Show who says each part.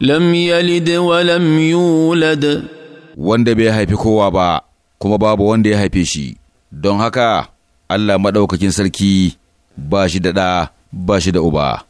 Speaker 1: lam yalid wa lam yulad wanda bai haifi kowa ba kuma babu wanda ya haife shi don haka Allah maɗaukakin sarki
Speaker 2: ba shi da ɗa ba shi da uba